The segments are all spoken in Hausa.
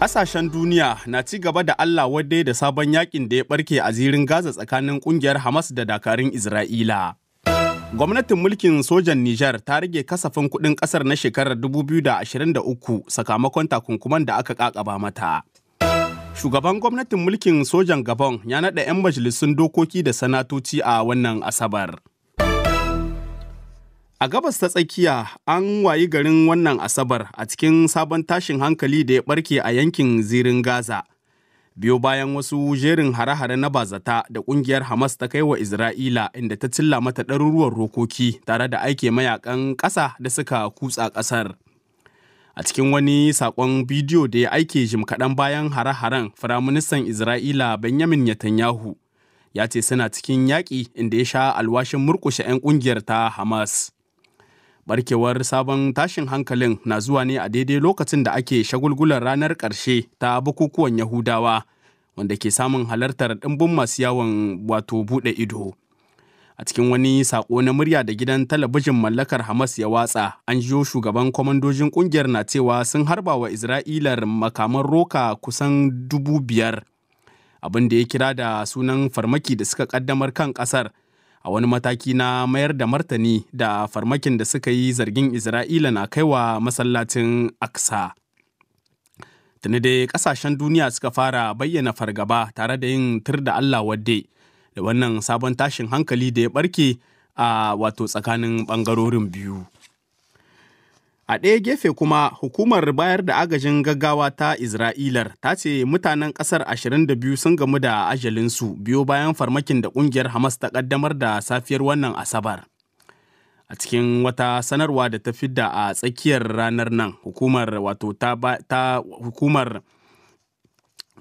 Ƙasashen duniya na ci gaba da Allah wadda da sabon yakin da ya barke a zirin Gaza tsakanin ƙungiyar Hamas da dakarun Isra'ila. Gwamnatin mulkin sojan Nijar ta rage kasafin kuɗin ƙasar na shekarar 2023 sakamakon takunkuman da aka ƙaƙaba mata. Shugaban gwamnatin mulkin sojan Gabon ya naɗa 'yan majalisun dokoki da sanatoci a wannan Asabar. A gabas ta tsakiya an wayi garin wannan Asabar a cikin sabon tashin hankali da ya barke a yankin zirin Gaza. Biyo bayan wasu jerin hare-hare na bazata da kungiyar Hamas ta kai wa Isra'ila inda ta cilla mata ɗaruruwan rokoki tare da aike mayakan ƙasa da suka kutsa ƙasar. A cikin wani saƙon bidiyo da ya aike jim kaɗan bayan hare-haren Firaministan Isra'ila Benjamin Netanyahu ya ce suna cikin yaƙi inda ya sha alwashin murƙushe 'yan ƙungiyar ta Hamas. barkewar sabon tashin hankalin na zuwa ne a daidai lokacin da ake shagulgular ranar ƙarshe ta bukukuwan yahudawa wanda ke samun halartar ɗimbin masu yawon wato buɗe ido a cikin wani saƙo na murya da gidan talabijin mallakar hamas ya watsa an jiyo shugaban kwamandojin ƙungiyar na cewa sun harba wa isra'ilar makaman roka kusan dubu biyar abin da ya kira da sunan farmaki da suka ƙaddamar kan ƙasar a wani mataki na mayar da martani da farmakin da suka yi zargin isra'ila na kaiwa masallacin aksa tuni dai kasashen duniya suka fara bayyana fargaba tare da yin tur da allah wadde da wannan sabon tashin hankali da ya barke a wato tsakanin ɓangarorin biyu A ɗaya gefe kuma hukumar bayar da agajin gaggawa ta Isra'ilar ta ce mutanen ƙasar 22 sun gamu da ajalinsu biyo bayan farmakin da ƙungiyar Hamas ta ƙaddamar da safiyar wannan Asabar. A cikin wata sanarwa da ta fidda a tsakiyar ranar nan hukumar wato ta, ta hukumar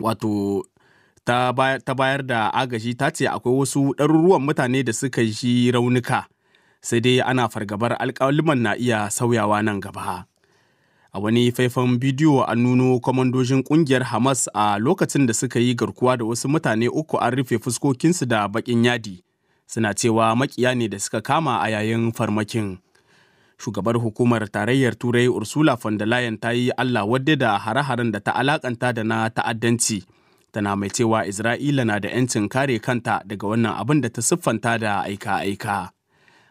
wato ta, bayar da agaji ta ce akwai wasu ɗaruruwan mutane da suka ji raunuka. sai dai ana fargabar alkaliman na iya sauyawa nan gaba. A wani faifan bidiyo an nuno kwamandojin kungiyar Hamas a lokacin da suka yi garkuwa da wasu mutane uku an rufe fuskokinsu da bakin yadi. Suna cewa makiya ne da suka kama a yayin farmakin. Shugabar hukumar tarayyar Turai Ursula von der Leyen ta yi Allah wadda da hare-haren da ta alakanta da na ta'addanci. Tana mai cewa Isra'ila na da 'yancin kare kanta daga wannan abin da ta siffanta da aika-aika.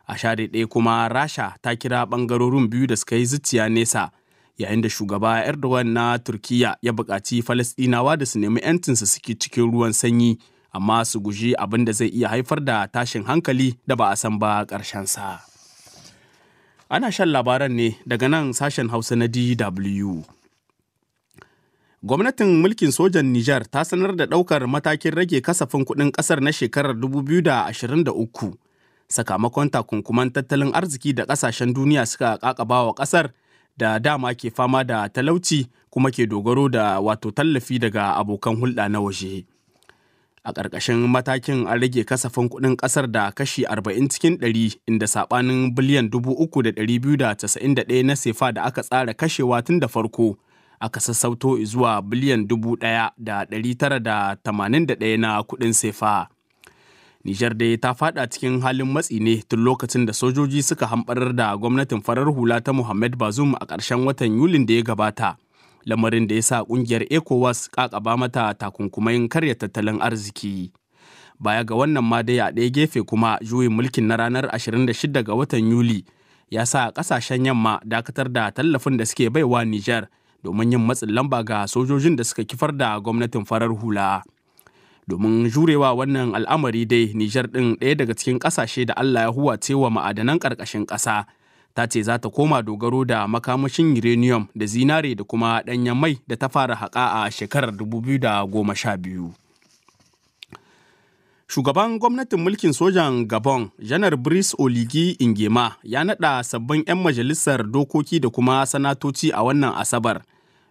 a share ɗaya kuma rasha ta kira ɓangarorin biyu da suka yi zuciya nesa yayin da shugaba erdogan na Turkiyya ya buƙaci falasɗinawa da su nemi 'yancinsu suke cikin ruwan sanyi amma su guji abin da zai iya haifar da tashin hankali da ba a san ba ƙarshen sa. ana shan labaran ne daga nan sashen hausa na dw gwamnatin mulkin sojan niger ta sanar da ɗaukar matakin rage kasafin kuɗin ƙasar na shekarar 2023 sakamakon takunkuman tattalin arziki da kasashen duniya suka kaka wa ƙasar da dama ke fama da talauci kuma ke dogaro da wato tallafi daga abokan hulɗa na waje. a ƙarƙashin matakin an rage kasafin kuɗin ƙasar da kashi 40 cikin 100 inda saɓanin biliyan 3,291 na sefa da aka tsara kashewa tun da farko aka sassauto zuwa biliyan 1,981 na kuɗin sefa. Nijar dai ta fada cikin halin matsi ne tun lokacin da sojoji suka hambarar da gwamnatin farar hula ta Muhammad Bazoum a ƙarshen watan Yulin da ya gabata. Lamarin da ya sa ƙungiyar ECOWAS ƙaƙaba mata takunkumayin karya tattalin arziki. Baya ga wannan ma dai a ɗaya gefe kuma juyin mulkin na ranar 26 ga watan Yuli ya sa ƙasashen yamma dakatar da tallafin da suke baiwa Nijar domin yin matsin lamba ga sojojin da suka kifar da gwamnatin farar hula. domin jurewa wannan al'amari dai nijar ɗin ɗaya daga cikin ƙasashe da allah ya huwace wa ma'adanan ƙarƙashin ƙasa ta ce za ta koma dogaro da makamashin uranium da zinare da kuma ɗanyen mai da ta fara haƙa a shekarar 2012 shugaban gwamnatin mulkin sojan gabon janar brice oligi ingema ya naɗa sabbin 'yan majalisar dokoki da kuma sanatoci a wannan asabar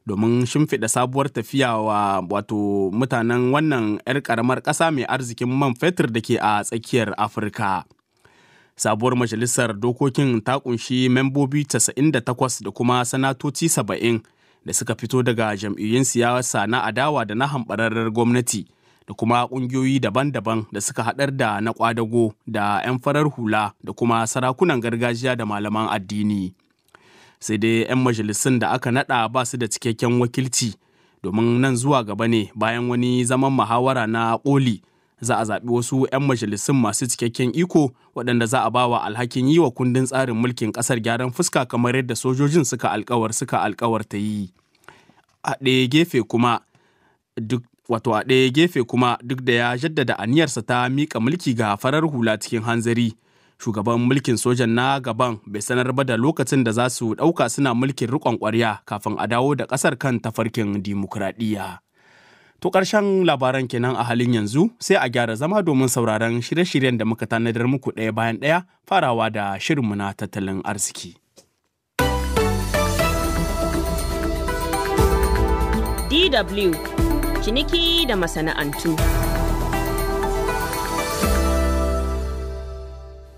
domin shimfiɗa sabuwar tafiya wa wato mutanen wannan 'yar ƙaramar ƙasa mai arzikin man fetur da ke a tsakiyar afirka sabuwar majalisar dokokin ta kunshi membobi 98 da kuma sanatoci 70 da suka fito daga jam'iyyun siyasa na adawa da na hambararrar gwamnati da kuma ƙungiyoyi daban-daban da suka haɗar da na ƙwadago da 'yan farar hula da kuma sarakunan gargajiya da malaman addini. sai dai 'yan majalisun da aka nada ba su da cikakken wakilci domin nan zuwa gaba ne bayan wani zaman muhawara na koli za a zaɓi wasu 'yan majalisun masu cikakken iko waɗanda za a bawa alhakin yi wa kundin tsarin mulkin ƙasar gyaran fuska kamar yadda sojojin suka alkawar suka alkawar ta yi a gefe kuma duk wato a ɗaya gefe kuma duk da ya jaddada aniyarsa ta miƙa mulki ga farar hula cikin hanzari shugaban mulkin sojan na gaban bai sanar ba da lokacin da za su ɗauka suna mulkin riƙon ƙwarya kafin a dawo da ƙasar kan tafarkin dimokuraɗiyya. To ƙarshen labaran kenan a halin yanzu sai a gyara zama domin sauraron shirye-shiryen da muka tanadar muku ɗaya bayan ɗaya farawa da shirinmu na tattalin arziki. DW ciniki da masana'antu.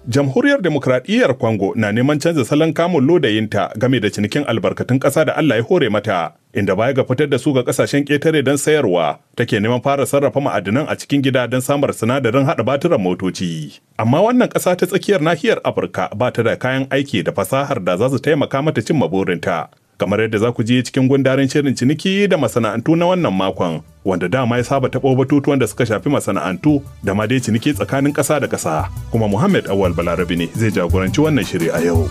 jamhuriyar demokradiyyar Congo na neman canza salon kamun lodayinta game da cinikin albarkatun ƙasa da Allah ya hore mata, inda baya ga fitar da su ga ƙasashen ƙetare don sayarwa, take neman fara sarrafa ma'adinan a cikin gida don samar sinadarin haɗa batiran motoci. Amma wannan ƙasa ta tsakiyar nahiyar Afirka ba ta da kayan aiki da fasahar da za su taimaka mata cimma burinta. kamar yadda za ku je cikin gundarin shirin ciniki da masana'antu na wannan makon wanda dama ya saba taɓo batutuwan da suka shafi masana'antu da ma dai ciniki tsakanin ƙasa da ƙasa kuma Muhammad Awal Balarabi ne zai jagoranci wannan shiri a yau.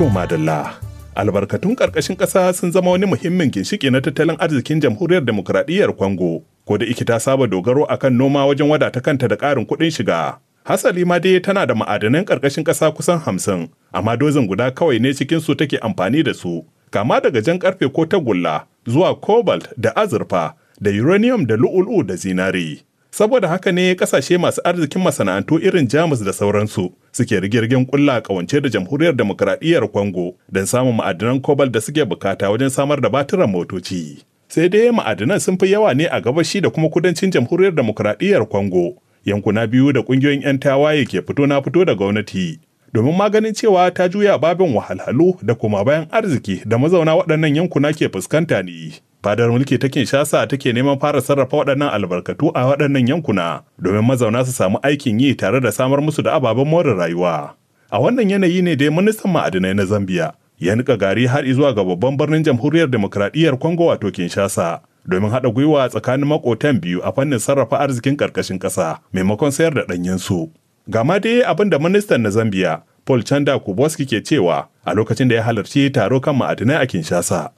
To madalla, albarkatun ƙarƙashin ƙasa sun zama wani muhimmin ginshiƙi na tattalin arzikin jamhuriyar demokuraɗiyyar Kwango, ko da iki ta saba dogaro a kan noma wajen wadata kanta da ƙarin kuɗin shiga. Hasali ma dai tana da ma'adanan ƙarƙashin ƙasa kusan hamsin, amma dozin guda kawai ne cikin su take amfani da su, kama daga jan ƙarfe ko tagulla zuwa cobalt da azurfa da uranium da lu'ulu'u da zinari. Saboda haka ne kasashe masu arzikin masana'antu irin Jamus da sauransu suke rigirgin kulla kawance da jamhuriyar demokradiyyar kwango don samun ma'adinan kobal da suke bukata wajen samar da batiran motoci. Sai dai ma'adinan sun fi yawa ne a gabashi da kuma kudancin jamhuriyar demokradiyyar kwango yankuna biyu da kungiyoyin 'yan tawaye ke fito na fito da gwamnati. Domin maganin cewa ta juya babin wahalhalu da kuma bayan arziki da mazauna waɗannan yankuna ke fuskanta ne. fadar mulki ta Kinshasa take neman fara sarrafa waɗannan albarkatu a waɗannan yankuna domin mazauna su samu aikin yi tare da samar musu da ababen more rayuwa. A wannan yanayi ne dai ministan ma'adinai na Zambia ya nika gari har zuwa ga babban birnin jamhuriyar demokradiyyar Kongo wato Kinshasa domin haɗa gwiwa tsakanin makotan biyu a fannin sarrafa arzikin ƙarƙashin ƙasa maimakon sayar da ɗanyensu. Gama ma dai abin da ministan na Zambia Paul Chanda Kuboski ke cewa a lokacin da ya halarci taro kan ma'adinai a Kinshasa.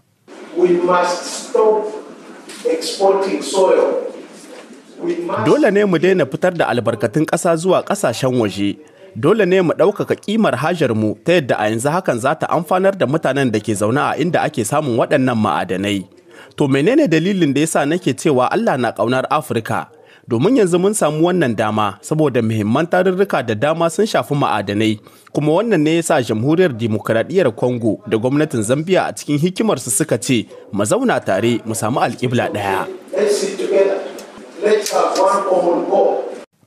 Dole ne mu daina fitar da albarkatun ƙasa zuwa ƙasashen waje. Dole ne mu ɗaukaka ƙimar mu ta yadda a yanzu hakan za ta amfanar da mutanen da ke zaune a inda ake samun waɗannan ma'adanai. To menene dalilin da yasa nake cewa Allah na ƙaunar Afirka? domin yanzu mun samu wannan dama saboda muhimman tarurruka da dama sun shafi ma'adanai kuma wannan ne ya sa jamhuriyar dimokuraɗiyyar congo da gwamnatin zambia a cikin hikimarsu suka ce mu tare mu samu alƙibla ɗaya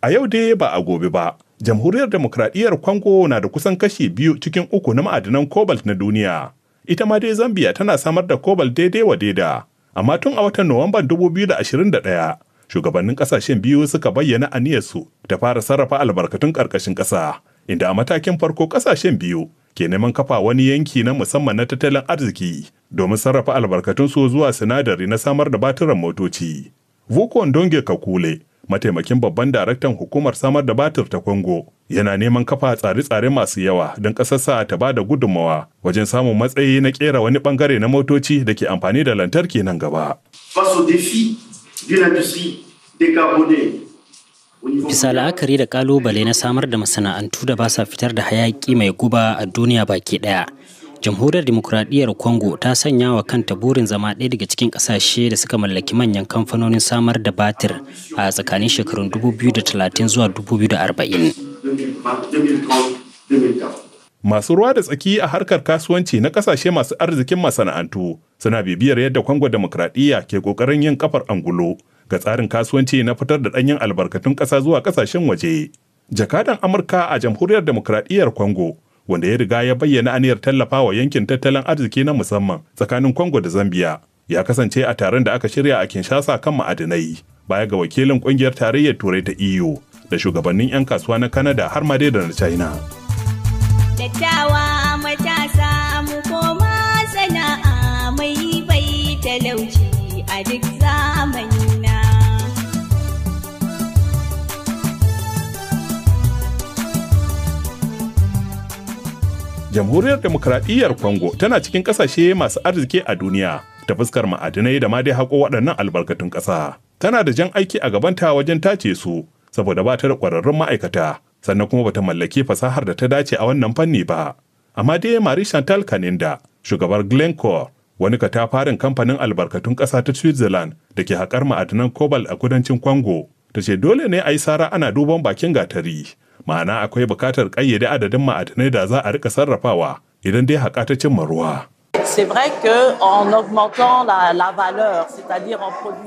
a yau dai ba a gobe ba jamhuriyar demokradiyyar congo na da kusan kashi biyu cikin uku na ma'adanan cobalt na duniya ita ma dai zambia tana samar da cobalt daidai wa daida amma tun a watan nuwamban 2021 shugabannin kasashen biyu suka bayyana aniyarsu da fara sarrafa albarkatun ƙarƙashin ƙasa inda a matakin farko ƙasashen biyu ke neman kafa wani yanki na musamman na tattalin arziki domin sarrafa albarkatunsu zuwa sinadari na samar da batiran motoci. Vukon Donge Kakule, mataimakin babban daraktan hukumar samar da batir ta Kongo, yana neman kafa tsare-tsare masu yawa don ƙasarsa ta ba da gudunmawa wajen samun matsayi na ƙera wani ɓangare na motoci da ke amfani da lantarki nan gaba. Bisa la'akari da kalubale na samar da masana'antu da ba sa fitar da hayaki mai guba a duniya baki daya. Jamhuriyar Dimokuraɗiyyar Congo ta sanya wa kanta burin zama ɗaya daga cikin ƙasashe da suka mallaki manyan kamfanonin samar da batir a tsakanin shekarun 2030 zuwa 2040. Masu ruwa da tsaki a harkar kasuwanci na ƙasashe masu arzikin masana'antu suna bibiyar yadda kwango demokradiyya ke kokarin yin kafar angulo ga tsarin kasuwanci na fitar da ɗanyen albarkatun ƙasa zuwa ƙasashen waje jakadan amurka a jamhuriyar demokradiyyar kwango wanda ya riga ya bayyana aniyar tallafawa yankin tattalin arziki na musamman tsakanin kwango da zambiya ya kasance a taron da aka shirya a kinshasa kan ma'adinai baya ga wakilin kungiyar tarayyar turai ta eu da shugabannin 'yan kasuwa na Kanada har ma dai da na china dattawa talauci a duk zamanina. Jamhuriyar Demokuraɗiyyar Kongo tana cikin ƙasashe masu arziki a duniya ta fuskar ma'adinai da ma dai haƙo waɗannan albarkatun ƙasa. Tana da jan aiki a gabanta wajen tace su saboda ba ta da ƙwararrun ma'aikata sannan kuma bata mallaki fasahar da ta dace a wannan fanni ba. Amma dai Marie Chantal Kaninda, shugabar Glencore, wani katafarin kamfanin albarkatun ƙasa ta Switzerland da ke haƙar ma'adanan kobal a kudancin Congo ta ce dole ne a yi sara ana duban bakin gatari. Ma'ana akwai buƙatar ƙayyade adadin ma'adanai da za a rika sarrafawa idan dai haƙa ta cimma ruwa.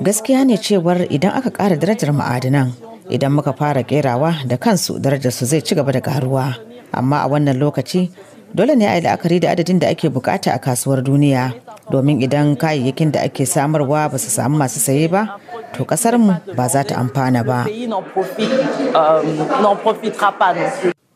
Gaskiya ne cewar idan aka ƙara darajar ma'adanan idan muka fara ƙerawa da kansu darajar su zai ci gaba da ƙaruwa Amma a wannan lokaci dole ne a yi la'akari da adadin da ake bukata a kasuwar duniya. domin idan kayayyakin da ake samarwa ba su samu masu saye ba to mu ba za ta amfana ba.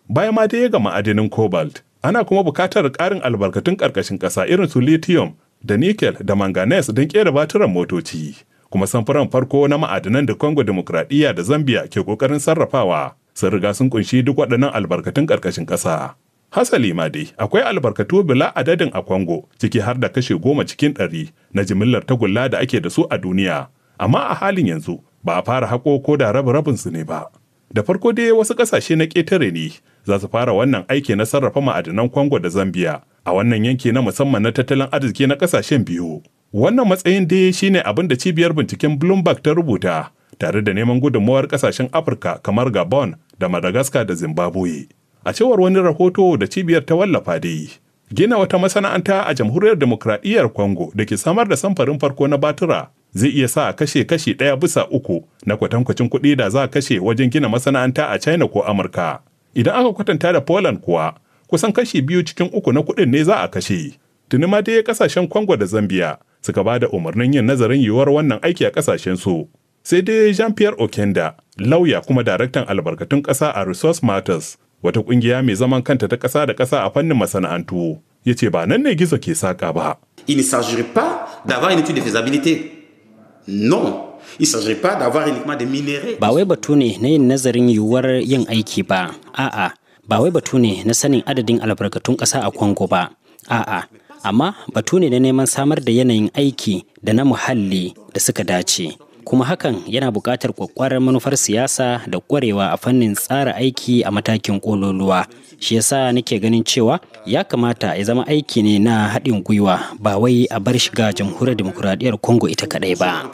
Bayan ma dai ga ma'adinin cobalt, ana kuma bukatar ƙarin albarkatun ƙarƙashin ƙasa irin su lithium da nickel da manganese don kera baturan motoci. Kuma samfuran farko na ma'adinan da Congo demokradiyya da Zambia ke ƙoƙarin sarrafawa sun riga sun kunshi duk waɗannan albarkatun ƙarƙashin ƙasa. Hasali ma dai akwai albarkatu bila adadin a kwango ciki har da kashe goma cikin ɗari na jimillar tagulla da ake da su a duniya. Amma a halin yanzu ba a fara haƙo ko da rabin rabin su ne ba. Da farko dai wasu ƙasashe na ƙetare ne za su fara wannan aiki na sarrafa ma'adanan kwango da Zambia a wannan yanki na musamman na tattalin arziki na ƙasashen biyu. Wannan matsayin dai shine abin da cibiyar binciken Bloomberg ta rubuta tare da neman gudunmuwar ƙasashen Afirka kamar Gabon da Madagascar da Zimbabwe. a cewar wani rahoto da cibiyar ta wallafa dai gina wata masana'anta a jamhuriyar demokradiyyar congo da ke samar da samfarin farko na batura zai iya sa a kashe kashi ɗaya bisa uku na kwatankwacin kuɗi da za a kashe wajen gina masana'anta a china ko amurka idan aka kwatanta da poland kuwa kusan kashi biyu cikin uku na kuɗin ne za a kashe tuni ma dai ƙasashen congo da zambia suka ba da umarnin yin nazarin yiwuwar wannan aiki a ƙasashen su sai dai jean pierre okenda lauya kuma daraktan albarkatun ƙasa a resource matters wata ƙungiya mai zaman kanta ta ƙasa da ƙasa a fannin masana'antu ya ce ba nan ne gizo ke saƙa ba. Il ne s'agirait pas d'avoir une étude de faisabilité. Non. Ba wai batu ne na yin nazarin yiwuwar yin aiki ba, a'a, ba wai batu ne na sanin adadin albarkatun ƙasa a congo ba, a'a, amma batu ne na neman samar da yanayin aiki da na muhalli da suka dace. kuma hakan yana buƙatar kwakwarar manufar siyasa da ƙwarewa a fannin tsara aiki a matakin ƙololuwa shi yasa nake ganin cewa ya kamata ya zama aiki ne na haɗin gwiwa ba wai a bar shiga jamhuriyar demokuraɗiyyar congo ita kaɗai ba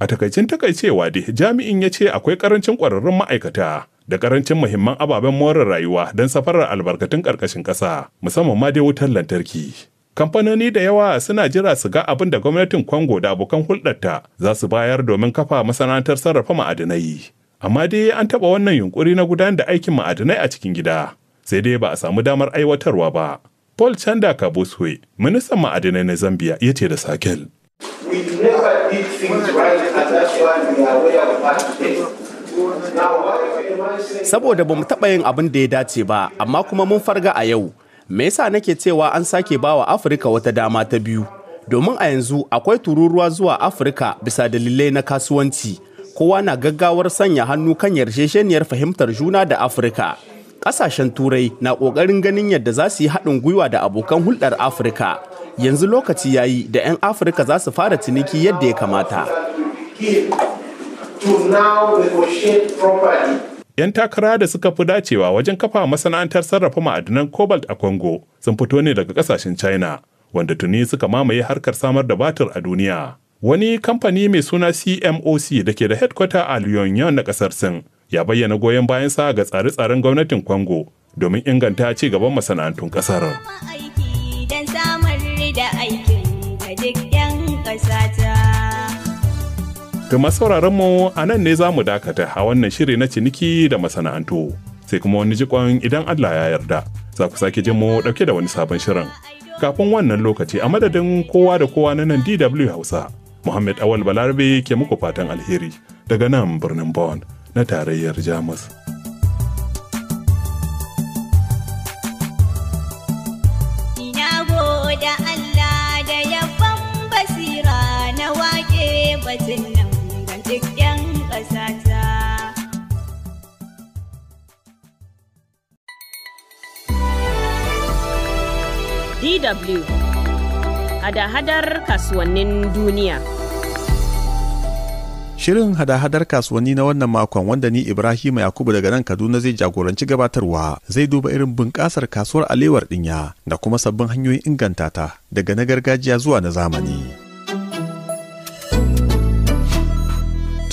a takaicin takaicewa dai jami'in ya ce akwai ƙarancin ƙwararrun ma'aikata da ƙarancin muhimman ababen more rayuwa don safarar albarkatun ƙarƙashin ƙasa musamman ma dai wutar lantarki kamfanoni da yawa suna jira su ga abin da gwamnatin Congo da abokan hulɗarta za su bayar domin kafa masana'antar sarrafa ma'adanai. Amma dai an taɓa wannan yunƙuri na gudanar da aikin ma'adanai a cikin gida, sai dai ba a samu damar aiwatarwa ba. Paul Chanda Kabuswe, ministan ma'adanai na Zambia, ya ce da Sakel. Saboda ba mu taɓa yin abin da ya dace ba, amma kuma mun farga a yau. me yasa nake cewa an sake bawa afirka wata dama ta biyu domin a yanzu akwai tururuwa zuwa afirka bisa dalilai na kasuwanci kowa na gaggawar sanya hannu kan yarjejeniyar fahimtar juna da afirka ƙasashen turai na ƙoƙarin ganin yadda za su yi haɗin gwiwa da abokan hulɗar afirka yanzu lokaci ya yi da 'yan afirka za su fara ciniki yadda ya kamata 'Yan takara da suka fi dacewa wajen kafa masana'antar sarrafa ma'adinan cobalt a Congo sun fito ne daga kasashen China, wanda tuni suka mamaye harkar samar da batir a duniya. Wani kamfani mai suna CMOC da ke da headquarter a Lyon na kasar Sin ya bayyana goyon bayan sa ga tsare-tsaren gwamnatin Congo domin inganta ci gaban masana'antun kasar. Ga mu a nan ne za mu dakata a wannan shiri na ciniki da masana'antu. Sai kuma wani jikon idan Allah ya yarda, za ku sake jin mu ɗauke da wani sabon shirin. Kafin wannan lokaci a madadin kowa da kowa na nan DW Hausa, Muhammad Awal Balarabe ke muku fatan alheri daga nan birnin Bonn na tarayyar Jamus. Allah da basira DW hada-hadar kasuwannin duniya. Shirin hada-hadar kasuwanni na wannan makon wanda ni Ibrahim Yakubu daga nan Kaduna zai jagoranci gabatarwa zai duba irin bunƙasar kasuwar alewar ɗinya da kuma sabbin hanyoyin inganta ta daga na gargajiya zuwa na zamani.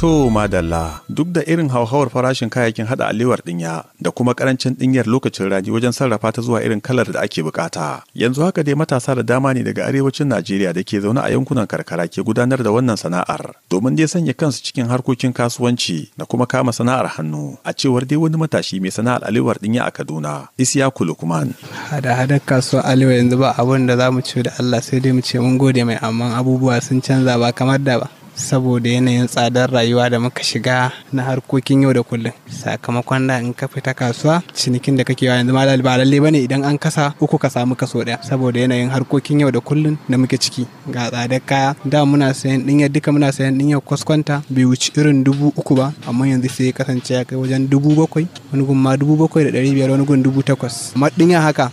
To madalla duk da irin hauhawar farashin kayayyakin hada alewar dinya da kuma karancin dinyar lokacin rani wajen sarrafa ta zuwa irin kalar da ake bukata. Yanzu haka dai matasa da dama ne daga arewacin Najeriya da ke zaune a yankunan karkara ke gudanar da wannan sana'ar domin dai sanya kansu cikin harkokin kasuwanci da kuma kama sana'ar hannu. A cewar dai wani matashi mai sana'ar alewar dinya a Kaduna, Isiya Kulukman. Hada hada kasuwa alewa yanzu ba abun da za mu ce da Allah sai dai mu ce mun gode mai amma abubuwa sun canza ba kamar da ba. saboda yanayin tsadar rayuwa da muka shiga na harkokin yau da kullum sakamakon da in ka fita kasuwa cinikin da kake yanzu ma ba lalle bane idan an kasa uku ka samu kaso daya saboda yanayin harkokin yau da kullum da muke ciki ga tsadar kaya da muna sayan dinya duka muna sayan dinya kwaskwanta bai wuce irin dubu uku ba amma yanzu sai kasance ya kai wajen dubu bakwai wani gun ma dubu bakwai da dari biyar wani gun dubu takwas amma dinya haka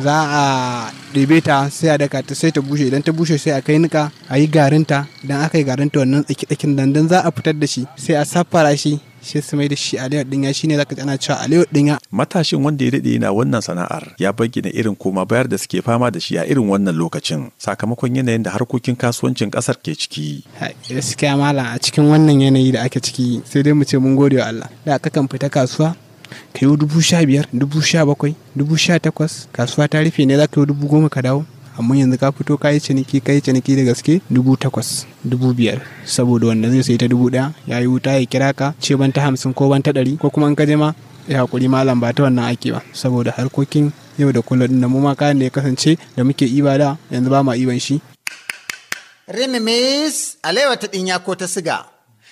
za a ɗebe ta sai a daka ta sai ta bushe idan ta bushe sai a kai nika a yi garinta idan aka yi garinta wannan tsakin nan dan za a fitar da shi sai a safara shi shi su mai da shi shi dinya shine zaka tsana cewa Aliyu dinya matashin wanda ya dade yana wannan sana'ar ya bayyana irin koma bayar da suke fama da shi a irin wannan lokacin sakamakon yanayin da harkokin kasuwancin kasar ke ciki gaskiya malam a cikin wannan yanayi da ake ciki sai dai mu ce mun gode wa Allah da aka kan fita kasuwa ka yi dubu sha biyar dubu sha bakwai dubu sha takwas kasuwa ta rufe ne za ka yi dubu goma ka dawo amma yanzu ka fito ka yi ciniki ka yi ciniki da gaske dubu takwas dubu biyar saboda wanda zai sai ta dubu ɗaya ya yi wuta ya kira ka ce ban ta hamsin ko ban ta ɗari ko kuma in ka je ma ya hakuri malam ba ta wannan ake ba saboda harkokin yau da kullum da mu ma kayan da ya kasance da muke ibada yanzu ba ma iban shi remimis alewa ta ɗinya ko ta siga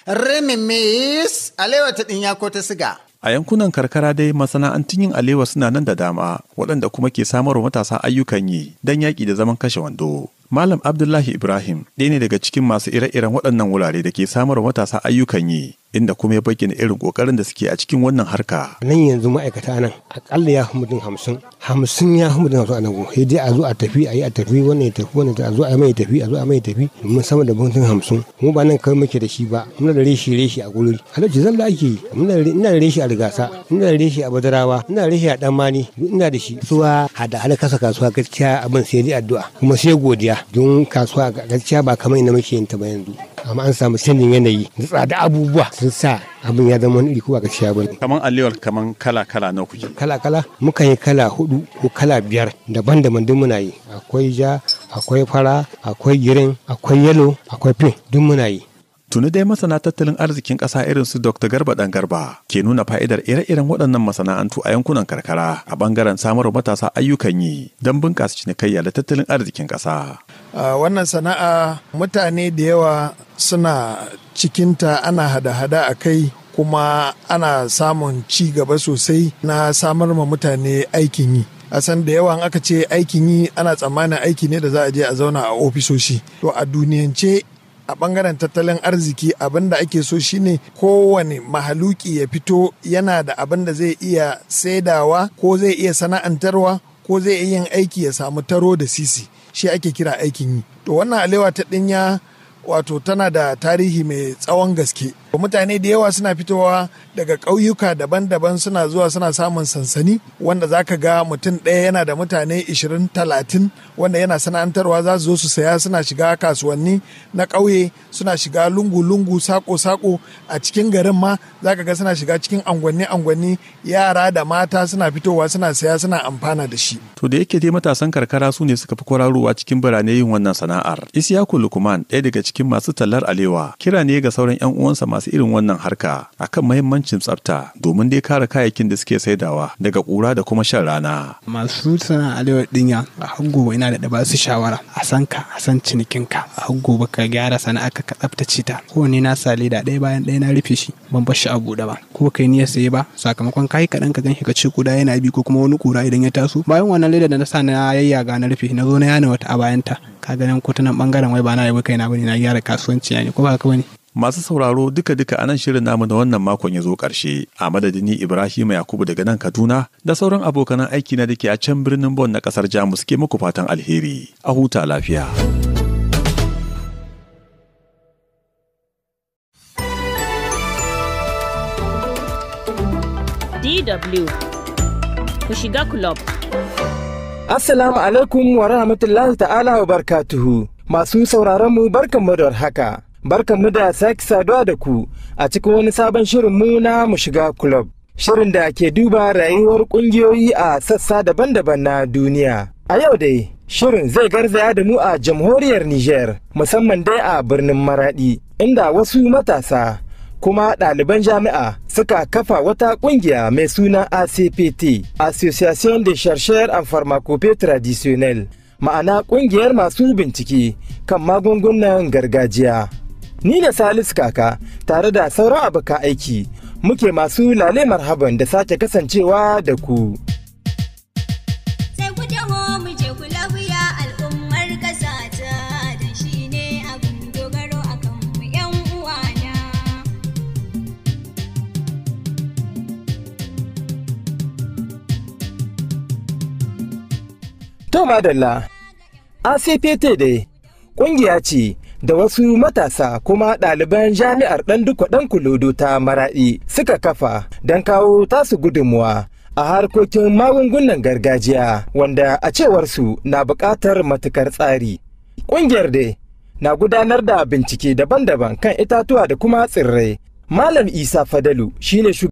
remimis alewa ta ɗinya ko ta siga A yankunan karkara dai masana'antun yin alewa suna nan da dama waɗanda kuma ke samar wa matasa ayyukan yi don yaƙi da zaman kashe wando. Malam Abdullahi Ibrahim ɗaya ne daga cikin masu ire-iren waɗannan wurare da ke samar wa matasa ayyukan yi inda kuma ya bayyana irin kokarin da suke a cikin wannan harka. Nan yanzu ma'aikata nan akalla ya fi mutum hamsin, hamsin ya fi mutum hamsin a nan gun. Sai dai a zo a tafi a yi a tafi wannan ya tafi wannan a zo a mai tafi a zo a mai tafi mun sama da mutum hamsin. Mu ba nan kawai muke da shi ba Mun da reshi reshi a gurori. zan zalla ake yi muna da reshi a rigasa ina da reshi a badarawa ina da reshi a danmani ina da shi. Suwa hada hada kasa kasuwa gaskiya abin sai dai addu'a kuma sai godiya don kasuwa gaskiya ba kamar ina muke yin ta ba yanzu. amma an samu canjin yanayi da tsada abubuwa sun sa abin ya zama wani kowa gaskiya ba kaman alewar kaman kala kala na kuke kala kala muka yi kala hudu ko kala biyar daban daban duk muna yi akwai ja akwai fara akwai girin akwai yalo akwai pink duk muna yi Tuni dai masana tattalin arzikin ƙasa irin su Dr. Garba Dan Garba ke nuna fa'idar ire-iren waɗannan masana'antu a yankunan karkara a bangaren samarwa matasa ayyukan yi don bunƙasa cinikayya da tattalin arzikin ƙasa. A wannan sana'a mutane da yawa suna cikinta ana hada-hada a kai kuma ana samun ci gaba sosai na samar ma mutane aikin yi a san da yawan aka ce aikin yi ana tsammanin aiki ne da za a je a zauna a ofisoshi to a duniyance a bangaren tattalin arziki abin da ake so shine kowane mahaluki ya fito yana da abin da zai iya saidawa ko zai iya sana'antarwa ko zai iya yin aiki ya samu taro da sisi shi ake kira aikin yi to wannan alewa ta ɗinya wato tana da tarihi mai tsawon gaske mutane da yawa suna fitowa daga ƙauyuka daban-daban suna zuwa suna samun sansani wanda za ka ga mutum ɗaya yana da mutane 20-30 wanda yana sana'antarwa za su zo su saya suna shiga kasuwanni na ƙauye suna shiga lungu-lungu sako-sako a cikin garin ma za ka ga suna shiga cikin angwanni-angwanni yara da mata suna fitowa suna saya suna amfana da shi. to da yake dai matasan karkara su ne suka fi kwararowa cikin birane yin wannan sana'ar isiyaku lukman ɗaya daga cikin masu tallar alewa kira ne ga sauran 'yan uwansa masu irin wannan harka akan mahimmancin tsafta domin dai kare kayayyakin da suke saidawa daga kura da kuma shan rana. Masu sana alewar dinya a hango ina da ba su shawara a san ka a san cinikinka a hango baka gyara sana'a ka tsaftace ta kowane na sa da ɗaya bayan ɗaya na rufe shi ban bar shi a buɗe ba. ko kai niyyar saye ba sakamakon kai kaɗan ka gan shi ka ce kuda yana bi ko kuma wani kura idan ya taso bayan wannan leda da na sa na yayyaga na rufe na zo na yana wata a bayanta ka ganin kotunan bangaren wai ba na kai kaina bane na gyara kasuwanci ne ko ba ka bane masu sauraro duka duka anan shirin namu da wannan makon ya zo karshe a madadin ibrahim yakubu daga nan kaduna da sauran abokanan aiki na dake a can birnin bon na kasar jamus ke muku fatan alheri a huta lafiya DW. Ku shiga club. Assalamu alaikum wa rahmatullahi ta'ala wa barkatuhu. Masu sauraron mu barkanmu da haka. mu da sake saduwa da ku a cikin wani sabon shirin mu na mu shiga club. Shirin da ke duba rayuwar kungiyoyi a sassa daban-daban na duniya. A yau dai, shirin zai garzaya da mu a jamhuriyar Niger, musamman dai a birnin Maradi, inda wasu matasa kuma ɗaliban jami'a suka kafa wata kungiya mai suna ACPT, Association de Chercheur en Pharmacopée Traditionnelle, ma'ana kungiyar masu bincike kan magungunan gargajiya. Ni da salis Kaka tare da sauran abokan aiki muke masu lale marhaban da sake kasancewa da ku. madalla. ACPT dai ƙungiya ce da wasu matasa kuma ɗaliban jami'ar ɗan duka ɗan kulodo ta maraɗi suka kafa don kawo tasu gudunmuwa a harkokin magungunan gargajiya wanda a cewarsu na buƙatar matukar tsari. Ƙungiyar dai na gudanar da bincike daban-daban kan itatuwa da kuma tsirrai. Malam Isa Fadalu shine